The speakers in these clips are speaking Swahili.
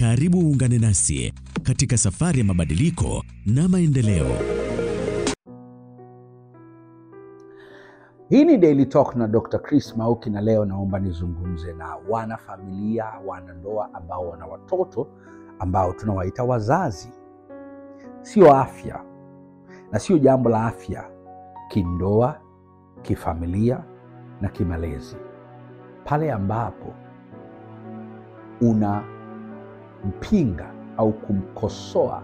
Karibu uungane nasi katika safari ya mabadiliko na maendeleo. Hii ni Daily Talk na Dr. Chris Mauki, na leo naomba nizungumze na wanafamilia, wanandoa ambao wana watoto ambao tunawaita wazazi. Sio afya na sio jambo la afya kindoa, kifamilia na kimalezi, pale ambapo una kumpinga au kumkosoa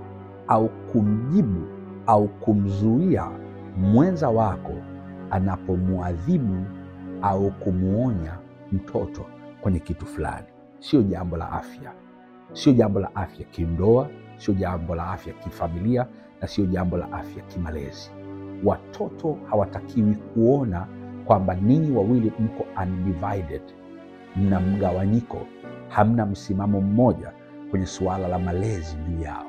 au kumjibu au kumzuia mwenza wako anapomwadhibu au kumwonya mtoto kwenye kitu fulani. Sio jambo la afya, sio jambo la afya kindoa, sio jambo la afya kifamilia, na sio jambo la afya kimalezi. Watoto hawatakiwi kuona kwamba ninyi wawili mko undivided, mna mgawanyiko, hamna msimamo mmoja kwenye suala la malezi juu yao.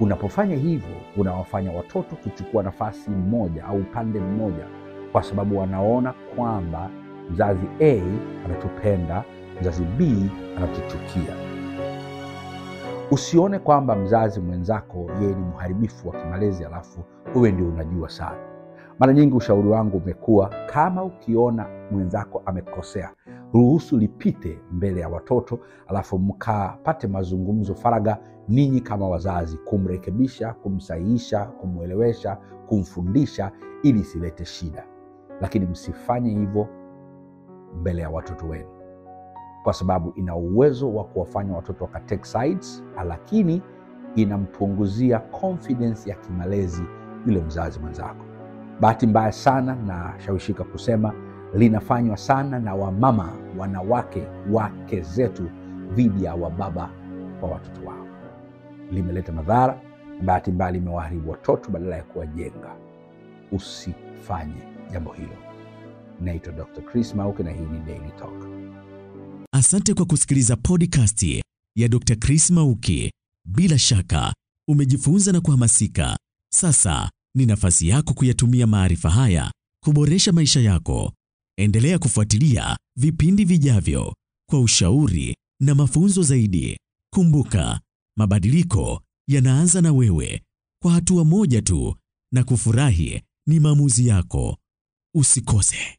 Unapofanya hivyo, unawafanya watoto kuchukua nafasi mmoja au upande mmoja, kwa sababu wanaona kwamba mzazi A anatupenda, mzazi B anatuchukia. Usione kwamba mzazi mwenzako yeye ni mharibifu wa kimalezi alafu uwe ndio unajua sana. Mara nyingi ushauri wangu umekuwa kama ukiona mwenzako amekosea, ruhusu lipite mbele ya watoto, alafu mkapate mazungumzo faraga ninyi kama wazazi, kumrekebisha, kumsahihisha, kumwelewesha, kumfundisha ili silete shida. Lakini msifanye hivyo mbele ya watoto wenu, kwa sababu ina uwezo wa kuwafanya watoto waka sides, lakini inampunguzia confidence ya kimalezi yule mzazi mwenzako. Bahati mbaya sana nashawishika kusema linafanywa sana na wamama, wanawake, wake zetu dhidi ya wababa kwa watoto wao. Limeleta madhara na bahati mbaya limewaharibu watoto badala ya kuwajenga. Usifanye jambo hilo. Naitwa Dr. Chris Mauke na hii ni Daily Talk. Asante kwa kusikiliza podcast ya Dr. Chris Mauki. Bila shaka umejifunza na kuhamasika. Sasa ni nafasi yako kuyatumia maarifa haya kuboresha maisha yako. Endelea kufuatilia vipindi vijavyo kwa ushauri na mafunzo zaidi. Kumbuka, mabadiliko yanaanza na wewe, kwa hatua moja tu. Na kufurahi ni maamuzi yako. Usikose.